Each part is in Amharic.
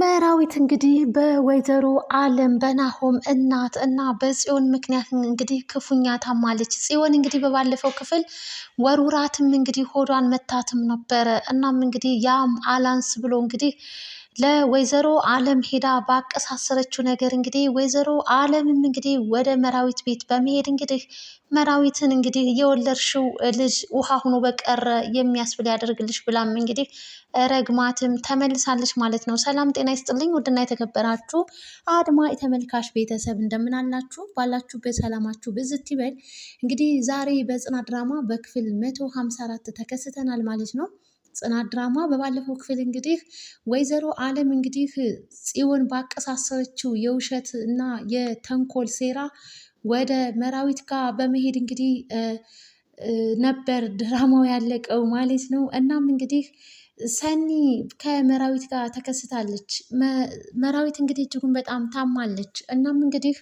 መራዊት እንግዲህ በወይዘሮ አለም በናሆም እናት እና በጽዮን ምክንያት እንግዲህ ክፉኛ ታማለች። ጽዮን እንግዲህ በባለፈው ክፍል ወርውራትም እንግዲህ ሆዷን መታትም ነበረ። እናም እንግዲህ ያም አላንስ ብሎ እንግዲህ ለወይዘሮ አለም ሄዳ ባቀሳሰረችው ነገር እንግዲህ ወይዘሮ አለምም እንግዲህ ወደ መራዊት ቤት በመሄድ እንግዲህ መራዊትን እንግዲህ የወለድሽው ልጅ ውሃ ሆኖ በቀረ የሚያስብል ያደርግልሽ ብላም እንግዲህ ረግማትም ተመልሳለች ማለት ነው። ሰላም ጤና ይስጥልኝ ውድና የተከበራችሁ አድማ የተመልካች ቤተሰብ እንደምናላችሁ ባላችሁበት ሰላማችሁ ብዝት ይበል። እንግዲህ ዛሬ በጽናት ድራማ በክፍል መቶ ሀምሳ አራት ተከስተናል ማለት ነው። ጽናት ድራማ በባለፈው ክፍል እንግዲህ ወይዘሮ አለም እንግዲህ ጽዮን ባቀሳሰረችው የውሸት እና የተንኮል ሴራ ወደ መራዊት ጋር በመሄድ እንግዲህ ነበር ድራማው ያለቀው ማለት ነው። እናም እንግዲህ ሰኒ ከመራዊት ጋር ተከስታለች። መራዊት እንግዲህ እጅጉን በጣም ታማለች። እናም እንግዲህ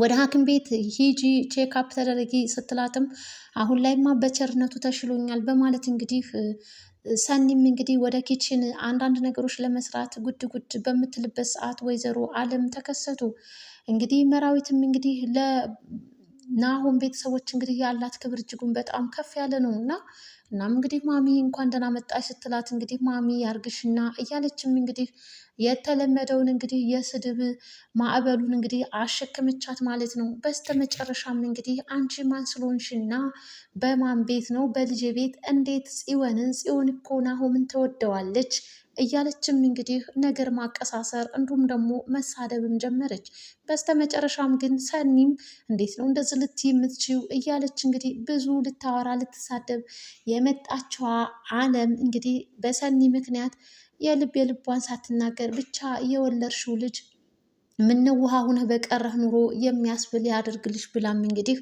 ወደ ሐኪም ቤት ሂጂ ቼክአፕ ተደረጊ ስትላትም አሁን ላይማ በቸርነቱ ተሽሎኛል በማለት እንግዲህ ሰኒም እንግዲህ ወደ ኪችን አንዳንድ ነገሮች ለመስራት ጉድ ጉድ በምትልበት ሰዓት ወይዘሮ አለም ተከሰቱ። እንግዲህ መራዊትም እንግዲህ ለናሆም ቤተሰቦች እንግዲህ ያላት ክብር እጅጉን በጣም ከፍ ያለ ነው እና እናም እንግዲህ ማሚ እንኳን ደህና መጣሽ ስትላት እንግዲህ ማሚ ያርግሽና እያለችም እንግዲህ የተለመደውን እንግዲህ የስድብ ማዕበሉን እንግዲህ አሸክምቻት ማለት ነው። በስተመጨረሻም እንግዲህ አንቺ ማን ስለሆንሽና በማን ቤት ነው በልጄ ቤት እንዴት ጽዮንን ጽዮን እኮ ናሆምን ትወደዋለች እያለችም እንግዲህ ነገር ማቀሳሰር እንዲሁም ደግሞ መሳደብም ጀመረች። በስተመጨረሻም ግን ሰኒም እንዴት ነው እንደዚህ ልትይ የምትችው እያለች እንግዲህ ብዙ ልታወራ ልትሳደብ የመጣችዋ አለም እንግዲህ በሰኒ ምክንያት የልብ የልቧን ሳትናገር ብቻ የወለድሽው ልጅ ምነው ውሃ ሁነህ በቀረህ ኑሮ የሚያስብል ያደርግልሽ ብላም እንግዲህ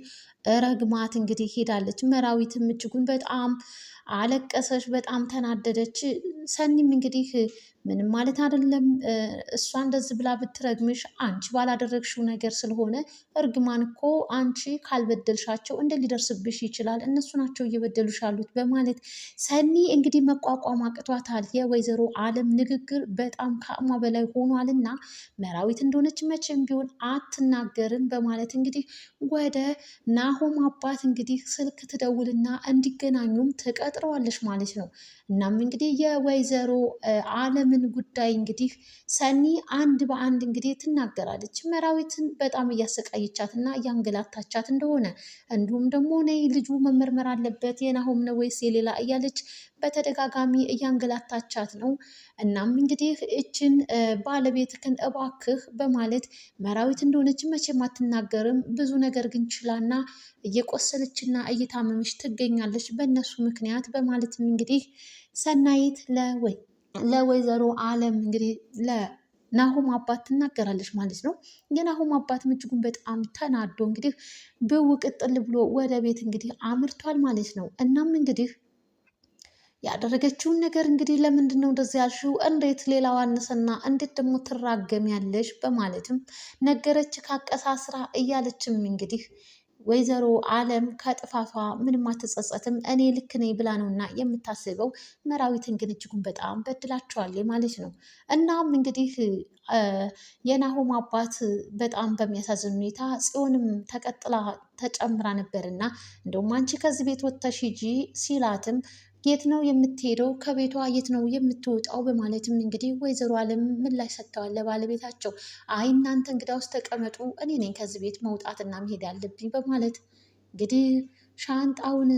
ረግማት እንግዲህ ሄዳለች። መራዊትም እጅጉን በጣም አለቀሰች፣ በጣም ተናደደች። ሰኒም እንግዲህ ምንም ማለት አይደለም። እሷ እንደዚህ ብላ ብትረግምሽ አንቺ ባላደረግሽው ነገር ስለሆነ እርግማን እኮ አንቺ ካልበደልሻቸው እንደ ሊደርስብሽ ይችላል፣ እነሱ ናቸው እየበደሉሽ ያሉት በማለት ሰኒ እንግዲህ መቋቋም አቅቷታል። የወይዘሮ አለም ንግግር በጣም ከአቅሟ በላይ ሆኗልና መራዊት እንደሆነች መቼም ቢሆን አትናገርም በማለት እንግዲህ ወደ ናሆም አባት እንግዲህ ስልክ ትደውልና እንዲገናኙም ትቀጥረዋለች ማለት ነው። እናም እንግዲህ የወይዘሮ አለም በኑሃሚን ጉዳይ እንግዲህ ሰኒ አንድ በአንድ እንግዲህ ትናገራለች። መራዊትን በጣም እያሰቃየቻት እና እያንገላታቻት እንደሆነ እንዲሁም ደግሞ ነይ ልጁ መመርመር አለበት የናሆም ነው ወይስ የሌላ እያለች በተደጋጋሚ እያንገላታቻት ነው። እናም እንግዲህ እችን ባለቤት ክን እባክህ በማለት መራዊት እንደሆነች መቼም አትናገርም። ብዙ ነገር ግን ችላና እየቆሰለችና እየታመመች ትገኛለች በእነሱ ምክንያት በማለትም እንግዲህ ሰናይት ለወይ ለወይዘሮ አለም እንግዲህ ለናሆም አባት ትናገራለች ማለት ነው። የናሆም አባት እጅጉን በጣም ተናዶ እንግዲህ ብው ቅጥል ብሎ ወደ ቤት እንግዲህ አምርቷል ማለት ነው። እናም እንግዲህ ያደረገችውን ነገር እንግዲህ ለምንድን ነው እንደዚህ ያልሽው? እንዴት ሌላ ዋነሰና እንዴት ደግሞ ትራገሚያለሽ? በማለትም ነገረች ካቀሳስራ እያለችም እንግዲህ ወይዘሮ አለም ከጥፋቷ ምንም አትጸጸትም፣ እኔ ልክ ነኝ ብላ የምታስበው። መራዊትን ግን እጅጉን በጣም በድላቸዋል ማለት ነው። እናም እንግዲህ የናሆም አባት በጣም በሚያሳዝን ሁኔታ ጽዮንም ተቀጥላ ተጨምራ ነበርና እንደውም አንቺ ከዚህ ቤት ወጥተሽ ሂጂ ሲላትም የት ነው የምትሄደው? ከቤቷ የት ነው የምትወጣው? በማለትም እንግዲህ ወይዘሮ አለም ምላሽ ሰጥተዋል ለባለቤታቸው። አይ እናንተ ውስጥ ተቀመጡ፣ እኔ ነኝ ከዚህ ቤት መውጣትና መሄድ ያለብኝ በማለት እንግዲህ ሻንጣውን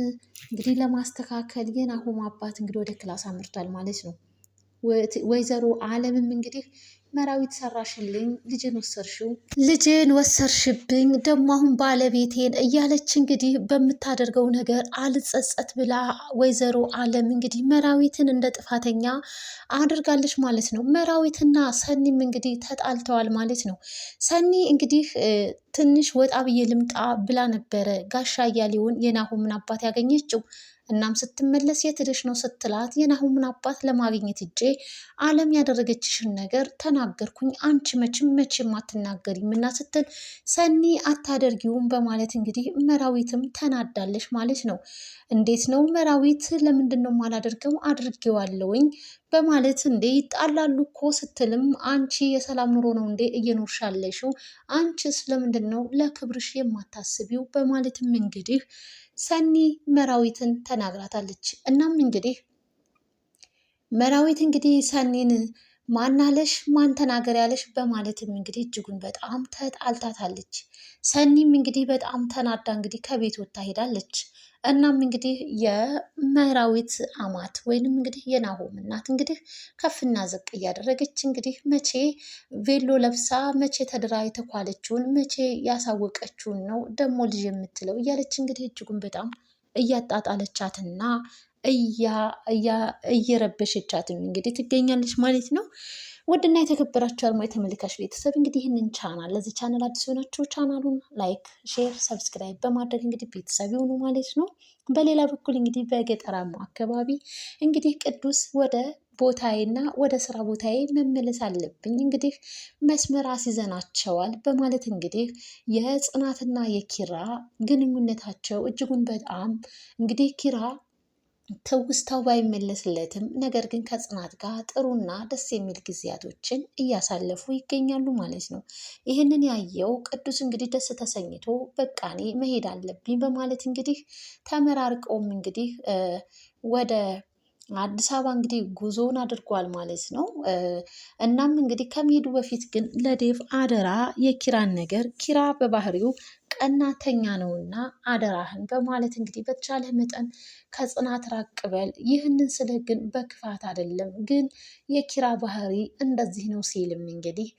እንግዲህ ለማስተካከል የናሆም አባት እንግዲህ ወደ ክላስ አምርቷል ማለት ነው። ወይዘሮ አለምም እንግዲህ መራዊት ሰራሽልኝ፣ ልጅን ወሰርሽው፣ ልጅን ወሰርሽብኝ፣ ደግሞ አሁን ባለቤቴን እያለች እንግዲህ በምታደርገው ነገር አልጸጸት ብላ ወይዘሮ አለም እንግዲህ መራዊትን እንደ ጥፋተኛ አድርጋለች ማለት ነው። መራዊትና ሰኒም እንግዲህ ተጣልተዋል ማለት ነው። ሰኒ እንግዲህ ትንሽ ወጣ ብዬ ልምጣ ብላ ነበረ ጋሻ እያሌውን የናሆምን አባት ያገኘችው እናም ስትመለስ የት ሄደሽ ነው ስትላት የናሁምን አባት ለማግኘት እጄ አለም ያደረገችሽን ነገር ተናገርኩኝ፣ አንቺ መቼም መቼም አትናገሪም እና ስትል ሰኒ አታደርጊውም በማለት እንግዲህ መራዊትም ተናዳለች ማለት ነው። እንዴት ነው መራዊት፣ ለምንድን ነው ማላደርገው? አድርጌዋለሁኝ በማለት እንዴ ይጣላሉ እኮ ስትልም አንቺ የሰላም ኑሮ ነው እንዴ እየኖርሻለሽው? ያለሽው? አንቺስ ለምንድን ነው ለክብርሽ የማታስቢው? በማለትም እንግዲህ ሰኒ መራዊትን ተናግራታለች። እናም እንግዲህ መራዊት እንግዲህ ሰኒን ማናለሽ ማን ተናገር ያለሽ በማለትም እንግዲህ እጅጉን በጣም ተጣልታታለች። ሰኒም እንግዲህ በጣም ተናዳ እንግዲህ ከቤት ወጥታ ሄዳለች። እናም እንግዲህ የመራዊት አማት ወይንም እንግዲህ የናሆም እናት እንግዲህ ከፍና ዝቅ እያደረገች እንግዲህ መቼ ቬሎ ለብሳ መቼ ተድራ የተኳለችውን መቼ ያሳወቀችውን ነው ደግሞ ልጅ የምትለው እያለች እንግዲህ እጅጉን በጣም እያጣጣለቻትና እየረበሸቻትም እንግዲህ ትገኛለች ማለት ነው። ውድና የተከበራችሁ አድማጭ ተመልካች ቤተሰብ እንግዲህ ይህንን ቻናል ለዚህ ቻናል አዲስ የሆናችሁ ቻናሉን ላይክ፣ ሼር፣ ሰብስክራይብ በማድረግ እንግዲህ ቤተሰብ የሆኑ ማለት ነው። በሌላ በኩል እንግዲህ በገጠራማ አካባቢ እንግዲህ ቅዱስ ወደ ቦታዬና ወደ ስራ ቦታዬ መመለስ አለብኝ እንግዲህ መስመር አስይዘናቸዋል በማለት እንግዲህ የጽናትና የኪራ ግንኙነታቸው እጅጉን በጣም እንግዲህ ኪራ ትውስታው ባይመለስለትም ነገር ግን ከጽናት ጋር ጥሩና ደስ የሚል ጊዜያቶችን እያሳለፉ ይገኛሉ ማለት ነው። ይህንን ያየው ቅዱስ እንግዲህ ደስ ተሰኝቶ በቃኔ መሄድ አለብኝ በማለት እንግዲህ ተመራርቀውም እንግዲህ ወደ አዲስ አበባ እንግዲህ ጉዞውን አድርጓል ማለት ነው። እናም እንግዲህ ከመሄዱ በፊት ግን ለዴቭ አደራ የኪራን ነገር ኪራ በባህሪው ቀናተኛ ነውና አደራህን በማለት እንግዲህ በተቻለ መጠን ከጽናት ራቅ በል። ይህንን ስለ ግን በክፋት አይደለም፣ ግን የኪራ ባህሪ እንደዚህ ነው ሲልም እንግዲህ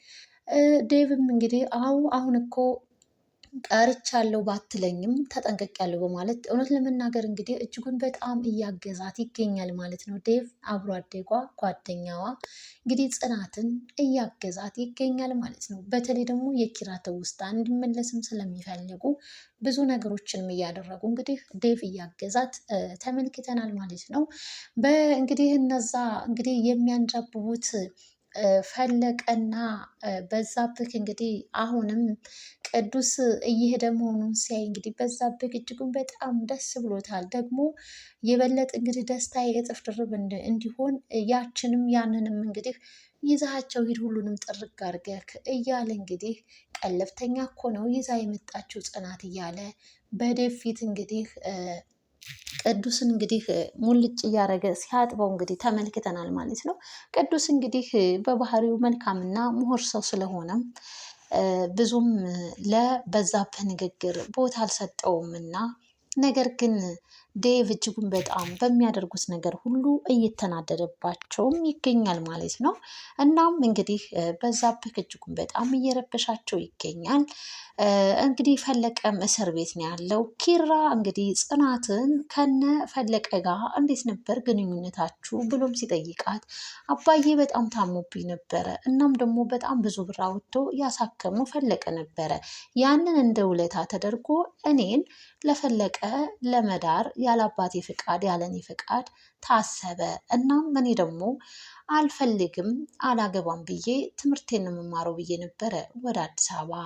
ዴብም እንግዲህ አው አሁን እኮ ቀርቻለሁ ባትለኝም ተጠንቀቂያለሁ በማለት እውነት ለመናገር እንግዲህ እጅጉን በጣም እያገዛት ይገኛል ማለት ነው። ዴቭ አብሮ አደጓ ጓደኛዋ እንግዲህ ጽናትን እያገዛት ይገኛል ማለት ነው። በተለይ ደግሞ የኪራ ትውስታ እንዲመለስም ስለሚፈልጉ ብዙ ነገሮችንም እያደረጉ እንግዲህ ዴቭ እያገዛት ተመልክተናል ማለት ነው። በእንግዲህ እነዛ እንግዲህ የሚያንጃብቡት ፈለቀና በዛብህ እንግዲህ አሁንም ቅዱስ እየሄደ መሆኑን ሲያይ እንግዲህ በዛብህ እጅጉን በጣም ደስ ብሎታል። ደግሞ የበለጥ እንግዲህ ደስታ የእጥፍ ድርብ እንዲሆን ያችንም ያንንም እንግዲህ ይዛቸው ሂድ ሁሉንም ጥርግ አድርገህ እያለ እንግዲህ ቀለብተኛ እኮ ነው ይዛ የመጣችው ጽናት እያለ በደፊት እንግዲህ ቅዱስን እንግዲህ ሙልጭ እያደረገ ሲያጥበው እንግዲህ ተመልክተናል ማለት ነው። ቅዱስ እንግዲህ በባህሪው መልካምና ምሁር ሰው ስለሆነም ብዙም ለበዛብህ ንግግር ቦታ አልሰጠውም እና ነገር ግን ዴቭ እጅጉን በጣም በሚያደርጉት ነገር ሁሉ እየተናደደባቸውም ይገኛል ማለት ነው። እናም እንግዲህ በዛብህ እጅጉን በጣም እየረበሻቸው ይገኛል። እንግዲህ ፈለቀም እስር ቤት ነው ያለው። ኪራ እንግዲህ ጽናትን ከነ ፈለቀ ጋር እንዴት ነበር ግንኙነታችሁ ብሎም ሲጠይቃት አባዬ በጣም ታሞብኝ ነበረ፣ እናም ደግሞ በጣም ብዙ ብር አውጥቶ ያሳከሙ ፈለቀ ነበረ። ያንን እንደ ውለታ ተደርጎ እኔን ለፈለቀ ለመዳር ያለ አባቴ ፍቃድ ያለኔ ፍቃድ ታሰበ። እናም እኔ ደግሞ አልፈልግም አላገባም ብዬ ትምህርቴን የምማረው ብዬ ነበረ ወደ አዲስ አበባ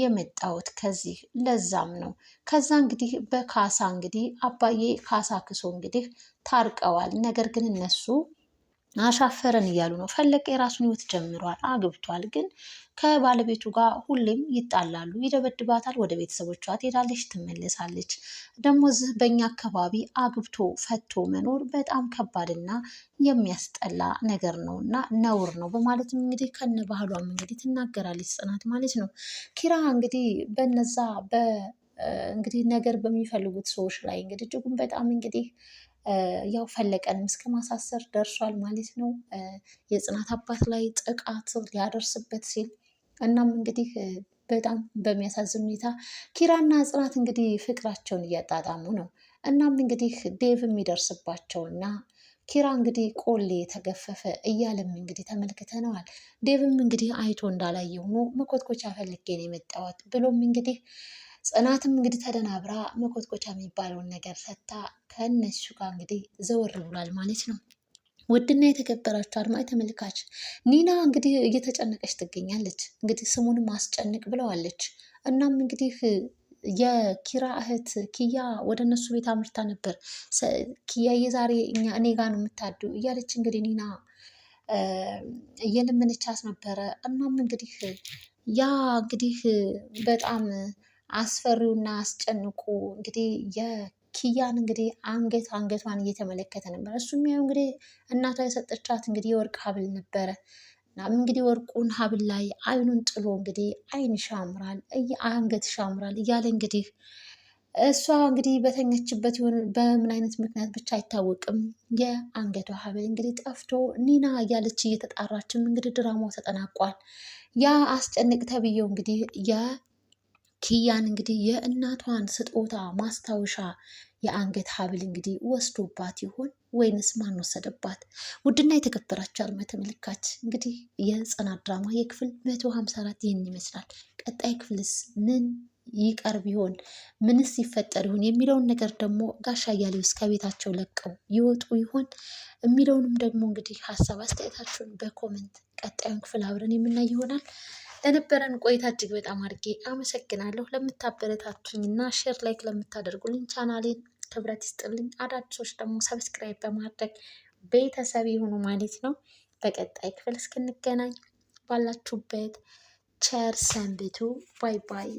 የመጣሁት ከዚህ ለዛም ነው። ከዛ እንግዲህ በካሳ እንግዲህ አባዬ ካሳ ክሶ እንግዲህ ታርቀዋል። ነገር ግን እነሱ አሻፈረን እያሉ ነው። ፈለቀ የራሱን ህይወት ጀምሯል፣ አግብቷል። ግን ከባለቤቱ ጋር ሁሌም ይጣላሉ፣ ይደበድባታል። ወደ ቤተሰቦቿ ትሄዳለች፣ ትመለሳለች። ደግሞ እዚህ በእኛ አካባቢ አግብቶ ፈቶ መኖር በጣም ከባድና የሚያስጠላ ነገር ነው እና ነውር ነው በማለትም እንግዲህ ከነ ባህሏም እንግዲህ ትናገራለች ጽናት ማለት ነው። ኪራ እንግዲህ በነዛ በእንግዲህ ነገር በሚፈልጉት ሰዎች ላይ እንግዲህ እጅጉን በጣም እንግዲህ ያው ፈለቀንም እስከ ማሳሰር ደርሷል ማለት ነው። የጽናት አባት ላይ ጥቃት ሊያደርስበት ሲል እናም እንግዲህ በጣም በሚያሳዝን ሁኔታ ኪራና ጽናት እንግዲህ ፍቅራቸውን እያጣጣሙ ነው። እናም እንግዲህ ዴቭ የሚደርስባቸውና ኪራ እንግዲህ ቆሌ የተገፈፈ እያለም እንግዲህ ተመልክተነዋል። ዴቭም እንግዲህ አይቶ እንዳላየ ሆኖ መኮትኮቻ ፈልጌ ነው የመጣሁት ብሎም እንግዲህ ጽናትም እንግዲህ ተደናብራ መኮትኮቻ የሚባለውን ነገር ፈታ ከእነሱ ጋር እንግዲህ ዘወር ብሏል ማለት ነው። ውድና የተከበራችሁ አድማጭ ተመልካች ኒና እንግዲህ እየተጨነቀች ትገኛለች። እንግዲህ ስሙንም አስጨንቅ ብለዋለች። እናም እንግዲህ የኪራ እህት ኪያ ወደ እነሱ ቤት አምርታ ነበር። ኪያ የዛሬ እኛ እኔ ጋር ነው የምታዱ እያለች እንግዲህ ኒና እየለመነቻት ነበረ። እናም እንግዲህ ያ እንግዲህ በጣም አስፈሪውና አስጨንቁ እንግዲህ የኪያን እንግዲህ አንገት አንገቷን እየተመለከተ ነበር። እሱ የሚያዩ እንግዲህ እናቷ የሰጠቻት እንግዲህ የወርቅ ሀብል ነበረ። እናም እንግዲህ ወርቁን ሀብል ላይ አይኑን ጥሎ እንግዲህ አይን ሻምራል አንገት ሻምራል እያለ እንግዲህ እሷ እንግዲህ በተኘችበት ሆን በምን አይነት ምክንያት ብቻ አይታወቅም። የአንገቷ ሀብል እንግዲህ ጠፍቶ ኒና እያለች እየተጣራችም እንግዲህ ድራማው ተጠናቋል። ያ አስጨንቅ ተብዬው እንግዲህ ኪያን እንግዲህ የእናቷን ስጦታ ማስታወሻ የአንገት ሀብል እንግዲህ ወስዶባት ይሆን ወይንስ ማን ወሰደባት? ውድና የተከበራችሁ አድማጭ ተመልካች እንግዲህ የጽናት ድራማ የክፍል 154 ይህን ይመስላል። ቀጣይ ክፍልስ ምን ይቀርብ ይሆን? ምንስ ይፈጠር ይሆን የሚለውን ነገር ደግሞ ጋሻ አያሌው እስከ ቤታቸው ለቀው ይወጡ ይሆን የሚለውንም ደግሞ እንግዲህ ሀሳብ አስተያየታችሁን በኮመንት ቀጣዩን ክፍል አብረን የምናይ ይሆናል። ለነበረን ቆይታ እጅግ በጣም አድርጌ አመሰግናለሁ። እና ሼር ላይክ ለምታደርጉልኝ ቻናሌን ክብረት ይስጥልኝ። አዳዲሶች ደግሞ ሰብስክራይብ በማድረግ ቤተሰብ የሆኑ ማለት ነው። በቀጣይ ክፍል እስክንገናኝ ባላችሁበት ቸር ሰንብቱ። ባይ ባይ።